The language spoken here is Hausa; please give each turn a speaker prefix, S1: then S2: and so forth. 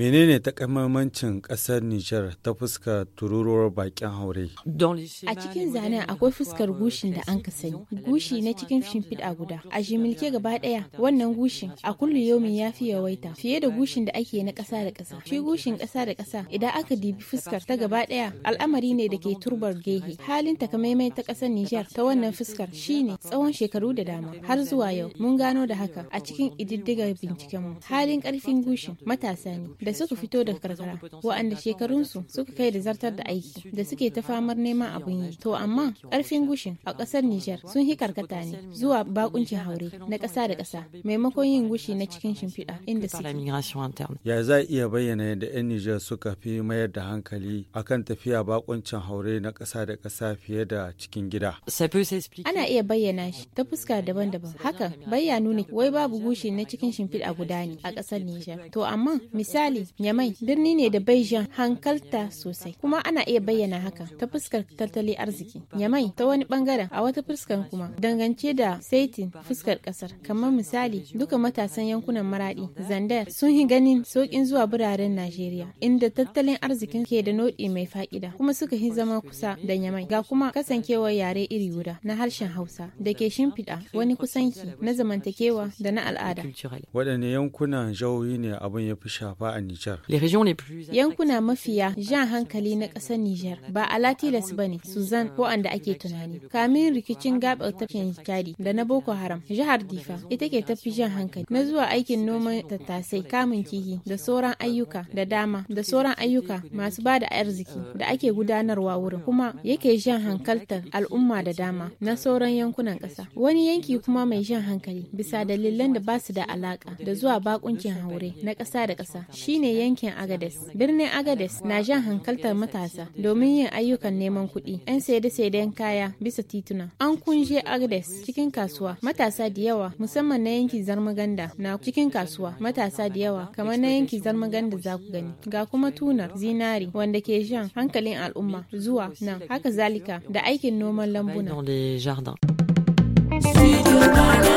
S1: Menene takamaimancin ƙasar Nijar ta fuska tururuwar bakin haure?
S2: A cikin zanen akwai fuskar euh, gushin da an ka sani. Gushi na cikin shimfiɗa guda. A jimilke gaba ɗaya wannan gushin a kullu yomin ya fi yawaita fiye da gushin da ake na ƙasa da ƙasa. Shi gushin ƙasa da ƙasa idan aka dibi fuskar ta gaba ɗaya al'amari ne da ke turbar gehe. Halin takamaiman ta ƙasar Nijar ta wannan fuskar shine tsawon shekaru da dama har zuwa yau mun gano da haka a cikin ƙididdigar bincikenmu. Halin ƙarfin gushin matasa ne da suka fito daga karkara waɗanda shekarunsu suka kai da zartar da aiki da suke ta famar neman abin yi to amma ƙarfin gushin a ƙasar Nijar sun hi karkata ne zuwa bakuncin haure na ƙasa da ƙasa maimakon yin gushi na cikin shimfiɗa inda
S1: suke ya za iya bayyana yadda 'yan Nijar suka fi mayar da hankali akan tafiya bakuncin haure na ƙasa da ƙasa fiye da cikin gida
S2: ana iya bayyana shi ta fuska daban-daban haka bayya nuna wai babu gushi na cikin shimfiɗa guda ne a ƙasar Nijar to amma misali misali Yamai birni ne da Baijan hankalta sosai kuma ana iya bayyana haka ta fuskar tattalin arziki. Yamai ta wani bangaren a wata fuskar kuma dangance da saitin fuskar kasar kamar misali duka matasan yankunan maradi Zandar sun yi ganin saukin zuwa biraren Najeriya inda tattalin arzikin ke da nodi mai fa'ida kuma suka yi zama kusa da Yamai ga kuma kasancewar yare iri guda na harshen Hausa da ke shimfiɗa wani kusanki na zamantakewa da na al'ada.
S1: Waɗanne yankunan jihohi ne abin ya fi shafa a
S2: Yankuna mafiya jan hankali na ƙasar Nijar ba a Latilas ba ne Suzan ko anda ake tunani. Kamin rikicin gabar tafiyan Chadi da na Boko Haram, jihar Difa ita ke tafi jan hankali na zuwa aikin noman tattasai, kamun kihi da sauran ayyuka da dama da sauran ayyuka masu ba da arziki da ake gudanarwa wurin kuma yake jan hankaltar al'umma da dama na sauran yankunan ƙasa. Wani yanki kuma mai jan hankali bisa dalilan da ba su da alaka da zuwa bakuncin haure na ƙasa da ƙasa. shine yankin Agades. Birnin Agades na jan hankaltar matasa domin yin ayyukan neman kuɗi, 'yan saide-saiden kaya bisa tituna. An kunje Agades cikin kasuwa, matasa da yawa musamman na yankin Zarmaganda na cikin kasuwa, matasa da yawa kamar na yankin Zarmaganda za ku gani. Ga kuma tunar zinari wanda ke jan hankalin al'umma zuwa nan haka zalika da aikin noman lambuna. Studio